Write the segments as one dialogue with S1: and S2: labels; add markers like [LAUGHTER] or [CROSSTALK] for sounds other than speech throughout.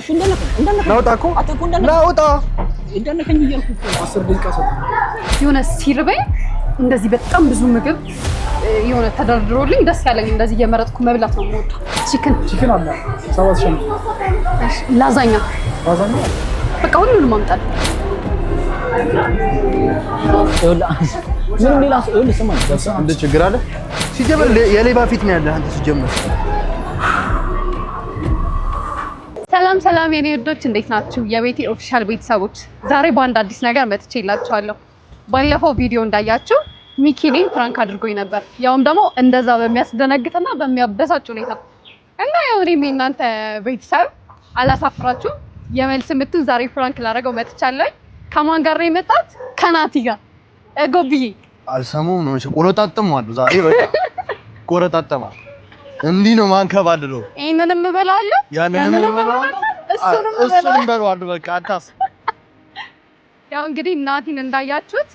S1: እሺ ናውጣ እኮ የሆነ ሲርበኝ እንደዚህ በጣም ብዙ ምግብ የሆነ ተደርድሮልኝ ደስ ያለኝ እንደዚህ እየመረጥኩ መብላት ነው የምወጣው። ቺክን
S2: ቺክን አለ ሰባት ሺህ ላዛኛ ላዛኛ
S1: በቃ ሁሉንም ማምጣት
S2: ምንም ሌላ እንደ ችግር አለ። ሲጀመር የሌባ ፊት ነው ያለ አንተ ሲጀመር
S1: ሰላም ሰላም የኔ እንዴት ናችሁ? የቤቴ ኦፊሻል ቤተሰቦች ዛሬ በአንድ አዲስ ነገር መጥቼላችኋለሁ። ባለፈው ቪዲዮ እንዳያችሁ ሚኪ እኔን ፕራንክ አድርጎኝ ነበር፣ ያውም ደግሞ እንደዛ በሚያስደነግጥና በሚያበሳጭ ሁኔታ እና ያው እኔም የእናንተ ቤተሰብ አላሳፍራችሁ የመልስ ምቱ ዛሬ ፕራንክ ላደረገው መጥቻለሁ። ከማን ጋር ነው የመጣት? ከናቲ ጋር እጎብዬ
S2: አልሰማሁም ነው አሉ ዛሬ ቆረጣጠማሉ እንዲህ ነው ማንከባልለው።
S1: ይሄንንም እበላለሁ፣
S2: ያንንም እበላለሁ፣ እሱንም እበላለሁ። በቃ አታስብ።
S1: ያው እንግዲህ እናቴን እንዳያችሁት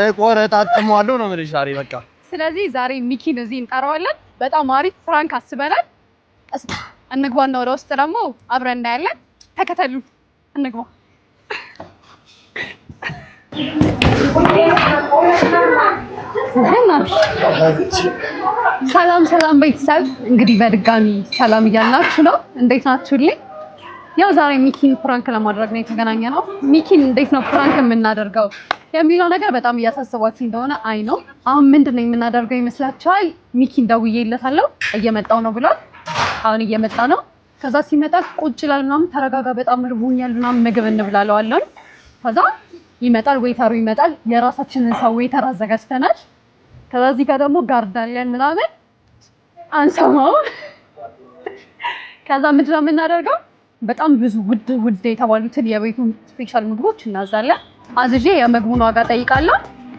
S2: እ ቆረጣጥሟለሁ ነው የምልሽ ዛሬ በቃ።
S1: ስለዚህ ዛሬ ሚኪን እዚህ እንጠራዋለን። በጣም አሪፍ ፍራንክ አስበናል። እንግባና ወደ ውስጥ ደግሞ አብረን እናያለን። ተከተሉ፣ እንግባ ሰላም ሰላም ቤተሰብ እንግዲህ በድጋሚ ሰላም እያልናችሁ ነው። እንዴት ናችሁልኝ? ያው ዛሬ ሚኪን ፕራንክ ለማድረግ ነው የተገናኘ ነው። ሚኪን እንዴት ነው ፕራንክ የምናደርገው የሚለው ነገር በጣም እያሳሰባችሁ እንደሆነ አይ ነው። አሁን ምንድን ነው የምናደርገው ይመስላችኋል? ሚኪን ደውዬለታለሁ እየመጣው ነው ብሏል። አሁን እየመጣ ነው። ከዛ ሲመጣ ቁጭ ይላል ምናምን፣ ተረጋጋ፣ በጣም እርቦኛል ምናምን ምግብ እንብላለዋለን። ከዛ ይመጣል፣ ዌይተሩ ይመጣል። የራሳችንን ሰው ዌይተር አዘጋጅተናል ከዚህ ጋር ደግሞ ጋርዳለን ምናምን አንሰማው። ከዛ ምንድን ነው የምናደርገው? በጣም ብዙ ውድ ውድ የተባሉትን የቤቱን ስፔሻል ምግቦች እናዛለን። አዝዤ የምግቡን ዋጋ ጠይቃለሁ።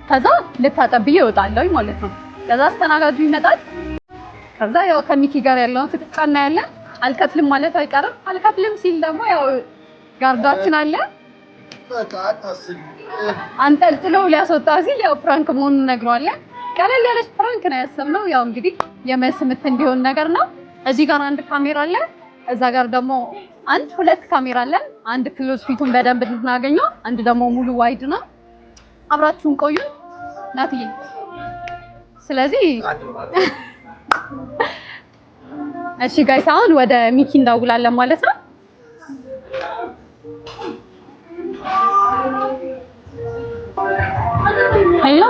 S1: ከዛ ልታጠብዬ እወጣለሁ ማለት ነው። ከዛ አስተናጋጁ ይመጣል። ከዛ ያው ከሚኪ ጋር ያለውን ፍጥጫ እናያለን። አልከፍልም ማለት አይቀርም። አልከፍልም ሲል ደግሞ ያው ጋርዳችን አለ አንጠልጥለው ሊያስወጣ ሲል ያው ፕራንክ መሆኑን እነግረዋለን። ቀለል ያለች ፕራንክ ነው ያሰብነው። ያው እንግዲህ የመስምት እንዲሆን ነገር ነው። እዚህ ጋር አንድ ካሜራ አለ፣ እዛ ጋር ደግሞ አንድ ሁለት ካሜራ አለን። አንድ ክሎዝ ፊቱን በደንብ እንድናገኘው፣ አንድ ደግሞ ሙሉ ዋይድ ነው። አብራችሁን ቆዩ ናትዬ። ስለዚህ እሺ ጋይስ አሁን ወደ ሚኪ እንዳውላለን ማለት ነው። ሄሎ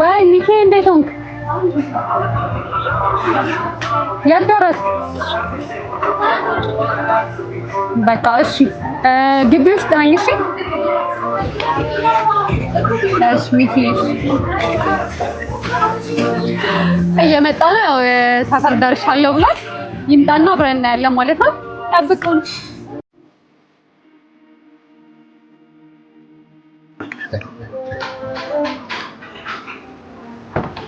S1: ወይ ሚኪ እንዴት ሆንክ? የት ደረስክ? በቃ እሺ፣ ግቢ ውስጥ ነኝ። እሺ እሺ፣ ሚኪ እየመጣ ነው። ሳሰር ደርሻለሁ ብሏል። ይምጣና አብረን እናያለን ማለት ነው። ጠብቁን።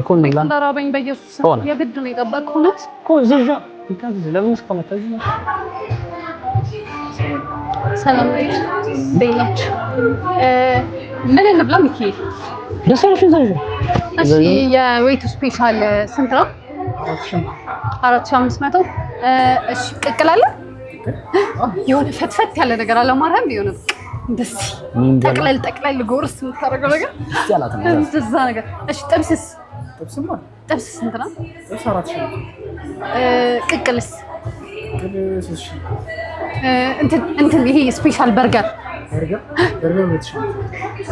S1: እኮ እንዳራበኝ በኢየሱስ የግድ ነው የጠበቅኩት
S2: እኮ እዚህ ለምን እስከመጣ
S1: ሰላም ቤላች ምን እንብላ? ሚካኤል ደስ እሺ። የዌቱ ስፔሻል ስንት ነው? አራት ሺህ አምስት መቶ እሺ። ቅቅል አለ የሆነ ፈትፈት ያለ ነገር አለ። ማርያም የሆነ እንደዚህ ጠቅለል ጠቅለል ጎርስ የምታደርገው ነገር ነገር እሺ። ጥብስስ ጥብስማ ጥብስ ስንት ነው? ጥብስ አራት ሺህ ቅቅልስ እንትን ይሄ ስፔሻል በርገር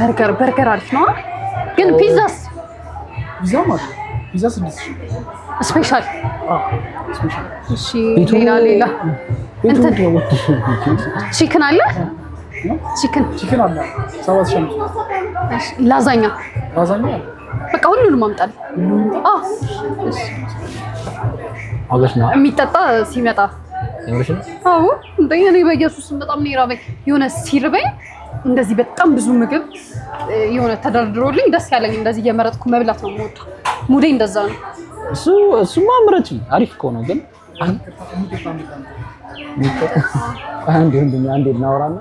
S1: በርገር በርገር አሪፍ ነው። ግን ፒዛስ
S2: ፒዛ ስድስት ሺህ
S1: ስፔሻል ሌላ ሌላ ቺክን አለ ቺክን ላዛኛ በቃ ሁሉንም አምጣል። የሚጠጣ ሲመጣ አዎ እንደኛ ነው። በኢየሱስ በጣም ነው የራበኝ። የሆነ ሲርበኝ እንደዚህ በጣም ብዙ ምግብ የሆነ ተደርድሮልኝ ደስ ያለኝ እንደዚህ እየመረጥኩ መብላት ነው ሙዴ እንደዛ ነው።
S2: እሱ እሱማ አሪፍ ከሆነ ግን አንዴ እናወራና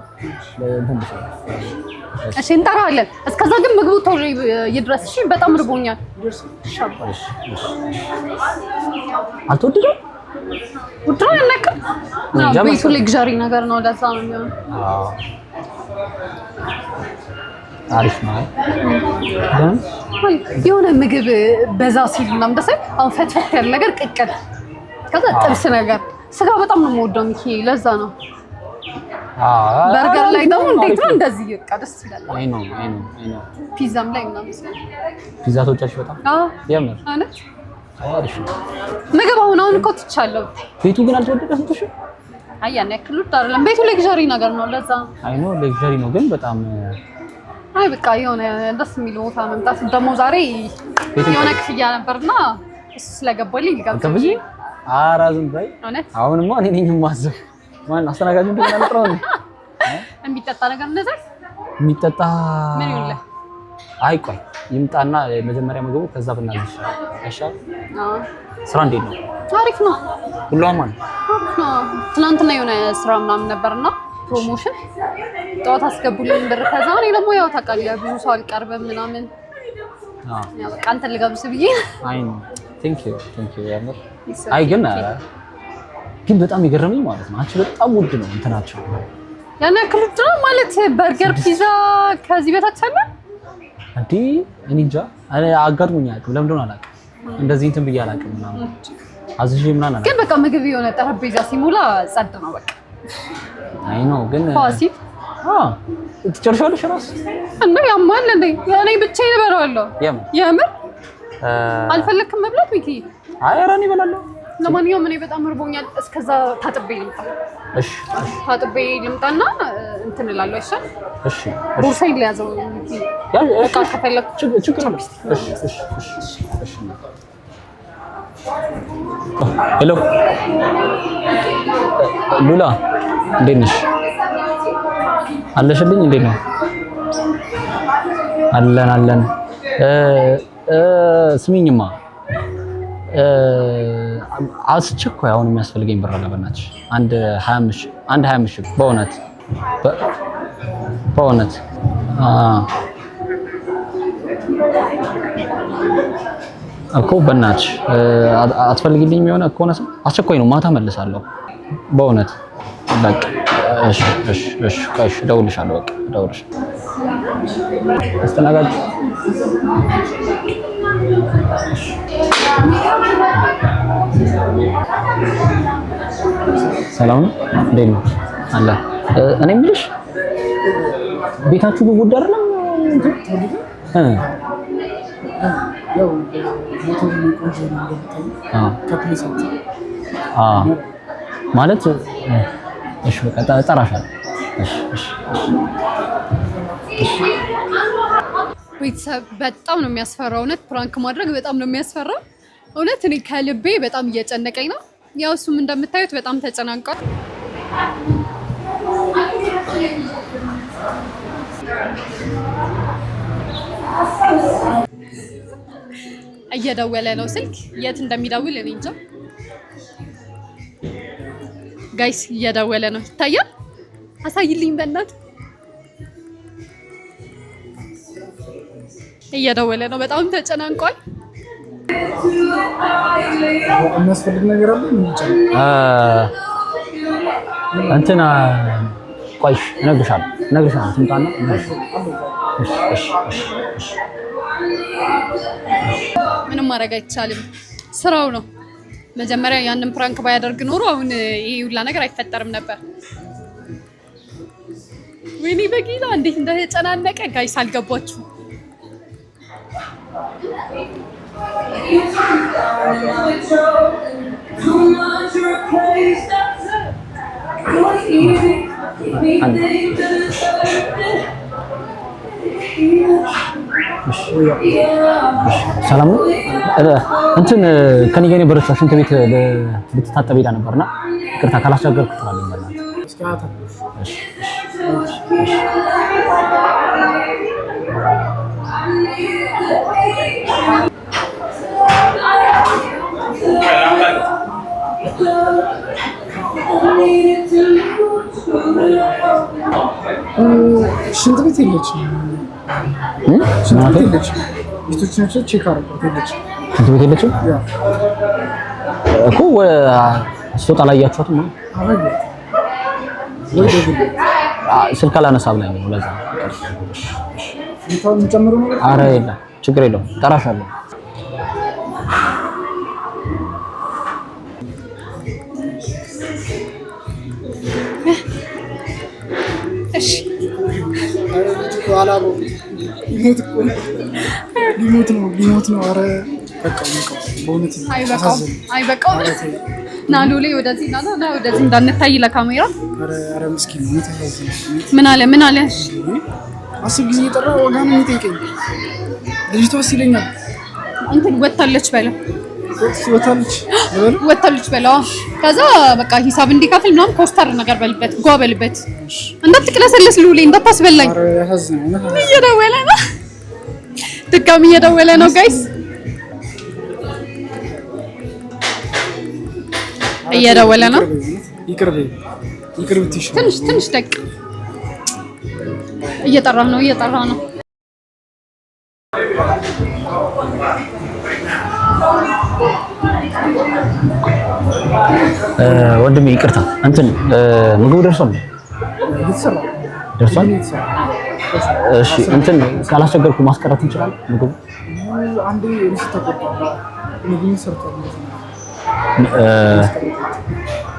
S1: እሺ እንጠራዋለን። እስከዛ ግን ምግቡ ቶሎ ይድረስ። እሺ በጣም ርቦኛል። አልተወደደም ውድሮ ያነቅም ቤቱ ሌግዣሪ ነገር ነው። ለዛ ነው የሚሆነው። አሪፍ ነው። የሆነ ምግብ በዛ ሲል ምናምን ደስ አሁን ፈትፈት ያለ ነገር ቅቅል ከዛ ጥብስ ነገር ስጋ በጣም ነው የምወደው ሚኪ፣ ለዛ ነው በርገር ላይ ደግሞ እንዴት ነው እንደዚህ ይቃ ደስ ይላል።
S2: አይ ነው አይ ነው አይ ነው
S1: ፒዛም ላይ ምናምን
S2: ፒዛ ተወጫችሁ በጣም? አዎ የምር አይነት አሪፍ
S1: ምግብ። አሁን አሁን እኮ ትቻለሁ።
S2: ቤቱ ግን አልተወደደም። ትሽ
S1: አይ ያን ያክል ውድ አይደለም። ቤቱ ሌግዣሪ ነገር ነው ለዛ
S2: አይ ነው ሌግዣሪ ነው ግን በጣም
S1: አይ በቃ የሆነ ደስ የሚል ቦታ መምጣት ደግሞ ዛሬ የሆነ ክፍያ ነበርና እሱ ስለገባልኝ
S2: ይጋብዛል ኧረ ዝም በይ። አሁንማ እኔ ነኝ የማዘው። ማን አስተናጋጁ እንደሆነ አልጥረው ነው።
S1: የሚጠጣ ነገር እንደዚያ የሚጠጣ ምን ይኸውልህ፣
S2: አይ ቆይ ይምጣና መጀመሪያ ምግቡ ከዛ ብናዝሽ ይሻል። ስራ እንዴት ነው? አሪፍ ነው። ሁሉም አለ።
S1: ትናንትና የሆነ ስራ ምናምን ነበርና ፕሮሞሽን ጠዋት አስገቡልኝ ብር። ከዛ እኔ ደግሞ ያው ታውቃለህ ብዙ ሰው አልቀርብም ምናምን፣ በቃ አንተን ልጋብዝ ብዬ
S2: አይ ነው አይ ግን ግን በጣም የገረመኝ ማለት ነው አንቺ በጣም ውድ ነው እንትናቸው
S1: ያን ያክል ውድ ነው ማለት በርገር፣ ፒዛ ከዚህ በታች አለ
S2: እንዴ? እኔ እንጃ አጋጥሞኝ አያውቅም። ለምን እንደሆነ አላውቅም። እንደዚህ እንትን ብዬ አላውቅም ምናምን አዝዤ ምናምን
S1: ግን በቃ ምግብ የሆነ ጠረጴዛ ሲሞላ ጸጥ ነው በቃ። አይ ነው ግን ፋሲል
S2: አዎ ትጨርሻለሽ እራሱ
S1: እና ያማል እንዴ? እኔ ብቻዬን እበላዋለሁ የምር አልፈለግክም መብላት ቤት?
S2: አይ ኧረ እኔ እበላለሁ።
S1: ለማንኛውም እኔ በጣም እርቦኛል። እስከዛ ታጥቤ ልምጣ። እሺ፣ ታጥቤ ልምጣና እንትን እላለሁ። እሺ፣ እሺ። ቦርሳዬን ለያዘው በቃ ከፈለክ
S2: ችግር ነው። እሺ፣ እሺ፣ እሺ። ሄሎ ሉላ፣ እንዴት ነሽ? አለሽልኝ? እንዴት ነው? አለን አለን ስሚኝማ አስቸኳይ አሁን የሚያስፈልገኝ ብር አለ። በእናትሽ አንድ 25 አንድ 25 በእውነት በእውነት እኮ በእናትሽ አትፈልግልኝ የሆነ ከሆነ አስቸኳይ ነው። ማታ መልሳለሁ። በእውነት በቃ እሺ፣ እሺ፣ እሺ፣ እደውልልሻለሁ። በቃ እደውልልሻለሁ። አስተናጋጅ ሰላም ነው። እንዴት ነው? አለ እኔ የምልሽ ቤታችሁ በጉድ አይደለም እ ማለት እሺ፣ በቃ እጠራሻለሁ። እሺ፣ እሺ፣
S1: እሺ ቤተሰብ በጣም ነው የሚያስፈራው። እውነት ፕራንክ ማድረግ በጣም ነው የሚያስፈራው። እውነት እኔ ከልቤ በጣም እየጨነቀኝ ነው። ያው እሱም እንደምታዩት በጣም ተጨናንቋል። እየደወለ ነው ስልክ። የት እንደሚደውል እኔ እንጃ። ጋይስ እየደወለ ነው፣ ይታያል። አሳይልኝ በእናትህ እየደወለ ነው። በጣም ተጨናንቋል።
S2: የሚያስፈልግ ነገር አለ። እንትን ቆይሽ እነግርሻለሁ እነግርሻለሁ። ትምጣና
S1: ምንም ማድረግ አይቻልም። ስራው ነው። መጀመሪያ ያንን ፕራንክ ባያደርግ ኖሮ አሁን ይሄ ሁላ ነገር አይፈጠርም ነበር። ወይኔ በጌታ እንዴት እንደተጨናነቀ ጋይስ አልገባችሁ
S2: ሰላም ነው። እንትን ከኔ ጋር የነበረችው ሽንት ቤት ልትታጠብ ሄዳ ነበርና ይቅርታ ካላስቸገርኩ ትላለች። በእናትህ ሽንት ቤት የለችም። ሽንት ቤት የለችም። ቤቶችን ብቻ ቼክ አደረኩት። የለችም። ሽንት ቤት የለችም እኮ ስትወጣ አላያችኋትም? ስልክ አላነሳም ላይ ነው ለዛ አረ የለም ችግር የለውም። ጠራሻለሁ። ሊሞት ነው ሊሞት ነው። አረ
S1: ና ሎሌ ወደዚህ ና ና ወደዚህ እንዳንታይ ለካሜራ ምን አለ ምን አለ
S2: አስር ጊዜ የጠራ ዋጋ ነው የሚጠይቀኝ። ልጅቷ ሲለኛል
S1: እንትን ወታለች በለው ወታለች በለው። ከዛ በቃ ሂሳብ እንዲከፍል ምናምን ኮስተር ነገር በልበት በልበት እንዳትቅለሰለስ ልውሌ እንዳታስበላኝ። እየደወለ ነው ድጋሚ እየደወለ ነው ጋይስ እየደወለ ነው።
S2: ይቅርብ ይቅርብ
S1: ትንሽ ትንሽ ደቂቃ እየጠራ ነው እየጠራ ነው።
S2: ወንድሜ ይቅርታ እንትን ምግቡ ደርሷል ደርሷል። እሺ እንትን ካላስቸገርኩ ማስቀረት እንችላለን። ምግቡ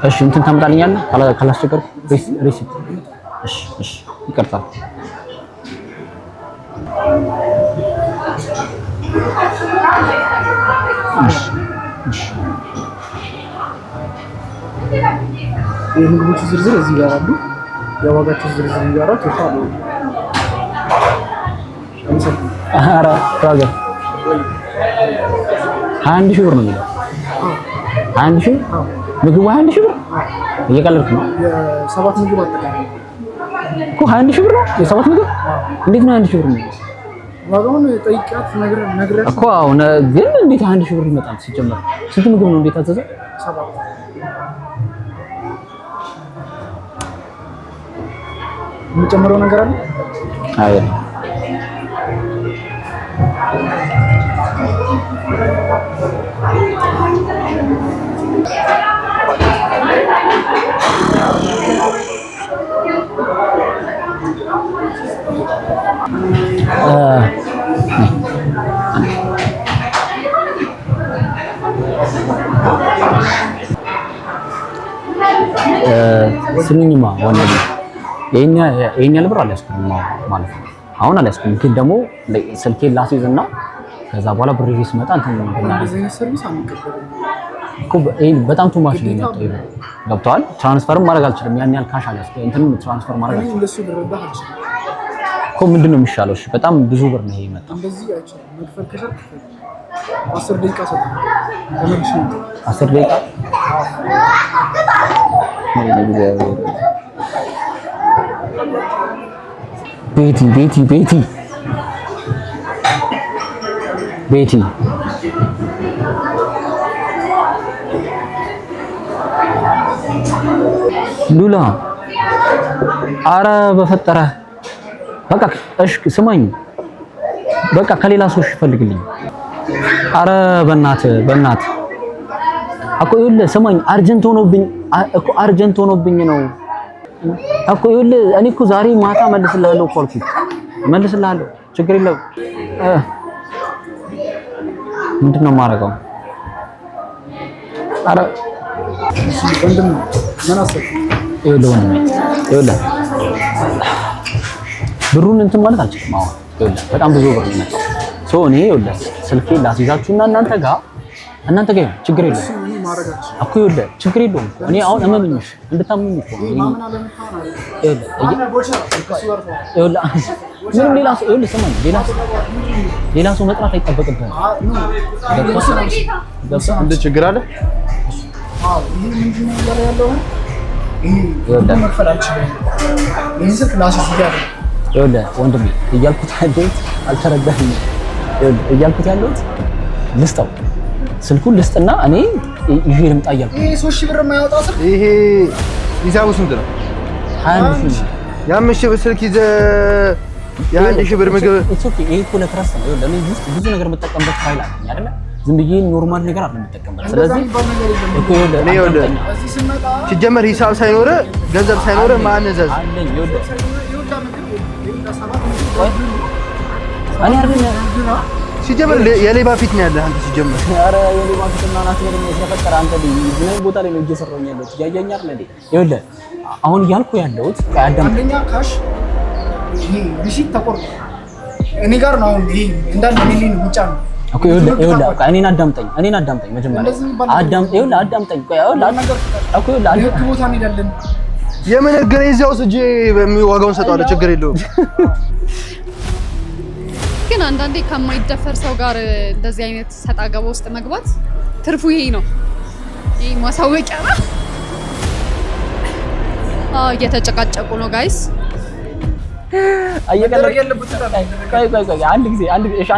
S2: እሺ እንትን ታምጣልኛለህ ካላስቸገርኩ ሪሲፕት። እሺ እሺ ይቅርታ የምግቦቹ ዝርዝር እዚህ ጋር አሉ። የዋጋቸው ዝርዝር ጋር ተፋሉ። ኧረ ዋጋ አንድ ሺህ ብር ነው የሚለው። አንድ ሺህ ምግቡ አንድ ሺህ ብር እየቀለድክ ነው። ሰባት ምግብ አጠቃላይ እኮ አንድ ሺህ ብር ነው የሰባት ምግብ። እንዴት ነው አንድ ሺህ ብር ነው? ዋጋውን እኮ ግን እንዴት አንድ ሺህ ብር ይመጣል? ሲጀመር ስንት ምግብ ነው እንዴት አዘዘ? የሚጨምረው ነገር አለ? አይ ስንኝማ ዋና ይሄን ያህል ብር አልያዝኩም ማለት ነው። አሁን አልያዝኩም፣ ግን ደግሞ ስልኬን ላስይዝ እና ከዛ በኋላ ብር ሲመጣ እንትን በጣም ቱማሽ ነው የሚያጠው። ገብተዋል። ትራንስፈርም ማድረግ አልችልም። ያን ያህል ካሽ አለ እንትን ትራንስፈር ማድረግ እኮ ምንድን ነው የሚሻለው? በጣም ብዙ ብር ነው ይሄ የመጣው። አስር ደቂቃ ቤቲ ቤቲ ቤቲ ቤቲ ሉላ አረ በፈጠረ በቃ እሺ፣ ስማኝ በቃ ከሌላ ሰው እሺ ፈልግልኝ። አረ በእናት በእናት እኮ ይኸውልህ፣ ስማኝ አርጀንት ሆኖብኝ እኮ አርጀንት ሆኖብኝ ነው እኮ ይኸውልህ፣ እኔ እኮ ዛሬ ማታ መልስልሃለሁ እኮ አልኩኝ፣ መልስልሃለሁ፣ ችግር የለውም። ምንድን ነው የማደርገው? አረ ብሩን እንትን ማለት አልችልም። አሁን በጣም ብዙ ብር ነው ሶ እኔ ይኸውልህ ስልኬ ላስይዛችሁና እናንተ ጋር እናንተ ጋር ችግር የለውም እኮ ይኸውልህ ችግር የለውም። እኔ አሁን እመምኝሽ እንድታምኝ እኮ ምንም ሌላ ሰው ይኸውልህ ስማኝ፣ ሌላ ሰው ሌላ ሰው መጥራት አይጠበቅብህም። ገብቶሃል? ችግር አለ ወንድሜ እያልኩት ያለሁት አልተረዳህም። እያልኩት ያለሁት ልስጠው፣ ስልኩን ልስጥና እኔ ይዤ ልምጣ እያልኩት። ይሄ ሦስት ሺህ ብር የማያወጣ ስልክ ይሄ ሂሳቡ ስንት ነው? አንድ ሺህ የአምስት ሺህ ብር ስልክ ይዘህ የአንድ ሺህ ብር ምግብ ይሄ እኮ ለትረስት ነው። ለምን ውስጥ ብዙ ነገር የምጠቀምበት ፋይል አለኝ አይደለ ዝም ብዬ ኖርማል ነገር አለ የምጠቀምበት። ስለዚህ ሲጀመር ሂሳብ ሳይኖር ገንዘብ ሳይኖር ማንዘዝ ሲጀመር የሌባ ፊት ነው ያለህ አንተ። ሲጀመር ኧረ [LAUGHS] የሌባ ፊት እና ናት ነገር ነው ስለፈጠረ አንተ ምን ቦታ ላይ ነው እየሰራሁኝ ያለሁት? ያያኛል ለዲ ይኸውልህ፣ አሁን እያልኩ ያለሁት ከአዳም አንደኛ ካሽ ይሄ ቢሲ ተቆርጦ እኔ ጋር ነው አሁን ይሄ እንዳለ ሚሊዮን ብቻ ነው እኮ ይኸውልህ፣ እኔን አዳምጠኝ፣ እኔን አዳምጠኝ። መጀመሪያ አዳምጠኝ፣ ይኸውልህ፣ አዳምጠኝ። ቆይ የምን ህግ እዚያው እጄ በሚዋጋውን ሰጠዋለሁ። ችግር የለውም።
S1: ግን አንዳንዴ ከማይደፈር ሰው ጋር እንደዚህ አይነት ሰጣ ገባ ውስጥ መግባት ትርፉ ይሄ ነው። ይሄ ማሳወቂያ ነው። እየተጨቃጨቁ ነው ጋይስ
S2: አንድ ጊዜ አንድ እሺ፣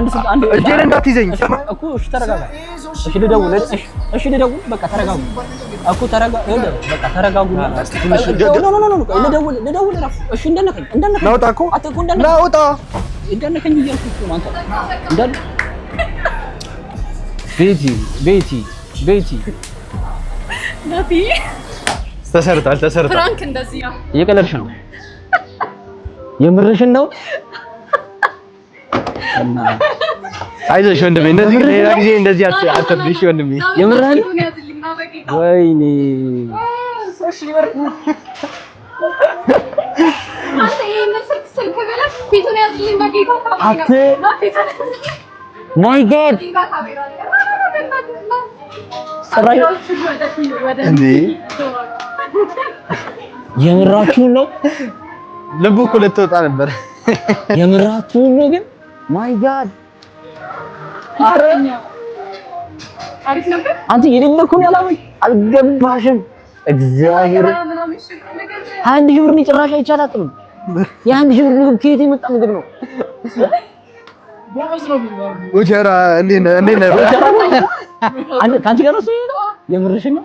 S1: አንድ
S2: እየቀለድሽ ነው የምርሽን ነው? አይዞሽ ወንድሜ፣ እንደዚህ ሌላ ጊዜ እንደዚህ አትብሽ ወንድሜ። የምርህን ወይኔ ማይ ጋድ የምራችሁን ነው? ልቡ እኮ ልትወጣ ነበር። የምራቱ ነው ግን ማይ ጋድ አንቺ የሌለኩን ያላመኝ አልገባሽም። እግዚአብሔር አንድ ሺህ ብር ጭራሽ አይቻላትም። የአንድ ሺህ ብር ምግብ ከየት የመጣ ምግብ ነው? ኦቸራ እንዴ ነው? ነው? ነው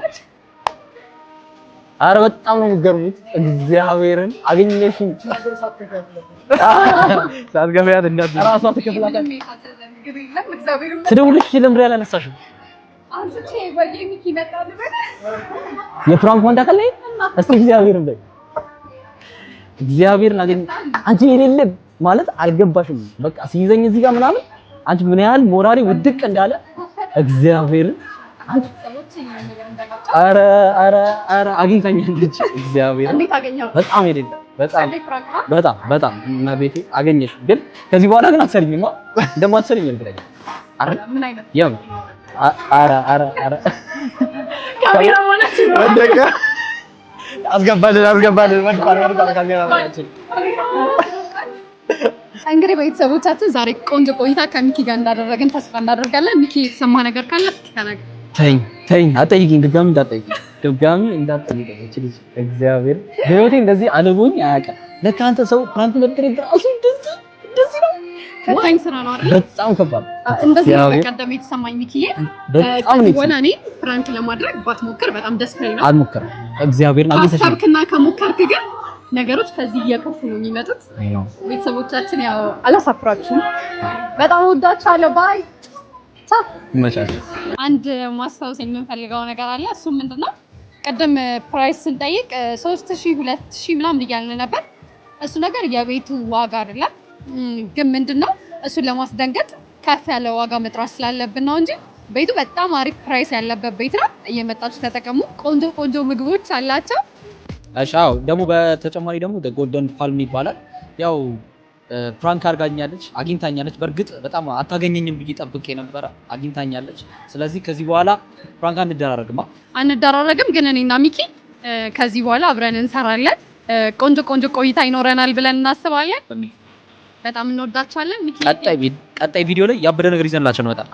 S2: አረ በጣም ነው የሚገርሙት። እግዚአብሔርን አገኘሽ ሳትገፊያት እንዳት ራሷ ተከፍላታል። ትደውልሽ ለምሪ ያላነሳሽም የፍራንክ ወንድ አካል ላይ እስቲ እግዚአብሔርን በይ እግዚአብሔርን አገኘ አንቺ የሌለም ማለት አልገባሽም። በቃ ሲይዘኝ እዚህ ጋር ምናምን አንቺ ምን ያህል ሞራሪ ውድቅ እንዳለ እግዚአብሔርን ኧረ ኧረ ኧረ አግኝታኛለች። እግዚአብሔር በጣም በጣም በጣም በጣም አገኘሽ። ግን ከዚህ በኋላ ግን እርግጠኛ አስገባልን አስገባልን።
S1: እንግዲህ ቤተሰቦቻችን ዛሬ ቆንጆ ቆይታ ከሚኪ ጋር እንዳደረግን ተስፋ እናደርጋለን። ሚኪ የተሰማ ነገር ካለ
S2: ተናገር። ተኝ ተኝ፣ አጠይቂኝ፣ ድጋሚ እንዳጠይቂኝ፣ ድጋሚ እንዳጠይቂኝ። እቺ ልጅ እግዚአብሔር በህይወቴ እንደዚህ አልቦኝ አያውቅም። ለካ አንተ ሰው ፕራንክ መደረግ ራሱ እንደዚህ
S1: እንደዚህ ነው። ፈታኝ ስራ ነው አይደል?
S2: በጣም ከባድ።
S1: እንደዚህ በቀደም የተሰማኝ ሚኪዬ፣ በጣም ነው ወላ እኔ ፕራንክ ለማድረግ ባትሞክር በጣም ደስ
S2: ይለኛል። አልሞከርም። እግዚአብሔርን
S1: አግኝተሽ አሰብክና ከሞከርክ ግን ነገሮች ከዚህ እየከፉ ነው የሚመጡት። ቤተሰቦቻችን ያው አላሳፍራችሁም። በጣም ወዳችኋለሁ። ባይ አንድ ማስታወስ የምንፈልገው ነገር አለ። እሱ ምንድን ነው? ቅድም ፕራይስ ስንጠይቅ ሶስት ሺህ ሁለት ሺህ ምናምን እያልን ነበር። እሱ ነገር የቤቱ ዋጋ አይደለም፣ ግን ምንድን ነው እሱን ለማስደንገጥ ከፍ ያለ ዋጋ መጥራት ስላለብን ነው እንጂ ቤቱ በጣም አሪፍ ፕራይስ ያለበት ቤት ነው። እየመጣችሁ ተጠቀሙ። ቆንጆ ቆንጆ ምግቦች አላቸው።
S2: እሺ፣ አዎ። ደግሞ በተጨማሪ ደግሞ ጎልደን ፓልም ይባላል ያው ፕራንክ አድርጋኛለች፣ አግኝታኛለች። በእርግጥ በጣም አታገኘኝም ብዬ ጠብቄ ነበረ፣ አግኝታኛለች። ስለዚህ ከዚህ በኋላ ፕራንክ አንደራረግማ
S1: አንደራረግም፣ ግን እኔና ሚኪ ከዚህ በኋላ አብረን እንሰራለን። ቆንጆ ቆንጆ ቆይታ ይኖረናል ብለን እናስባለን። በጣም እንወዳቸዋለን።
S2: ቀጣይ ቪዲዮ ላይ ያበደ ነገር ይዘንላቸው ነው። በጣም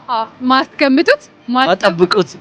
S2: ማትገምቱት